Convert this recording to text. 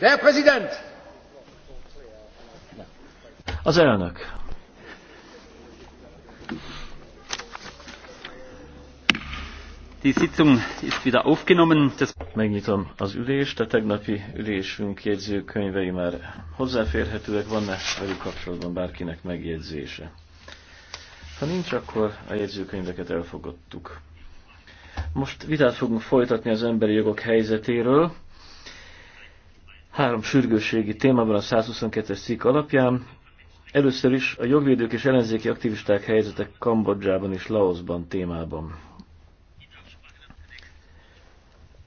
Der Präsident! Az elnök. Die Sitzung ist wieder aufgenommen. Das Megnyitom az ülést, a tegnapi ülésünk jegyzőkönyvei már hozzáférhetőek, van-e velük kapcsolatban bárkinek megjegyzése? Ha nincs, akkor a jegyzőkönyveket elfogadtuk. Most vitát fogunk folytatni az emberi jogok helyzetéről három sürgősségi témában a 122-es cikk alapján. Először is a jogvédők és ellenzéki aktivisták helyzetek Kambodzsában és Laosban témában.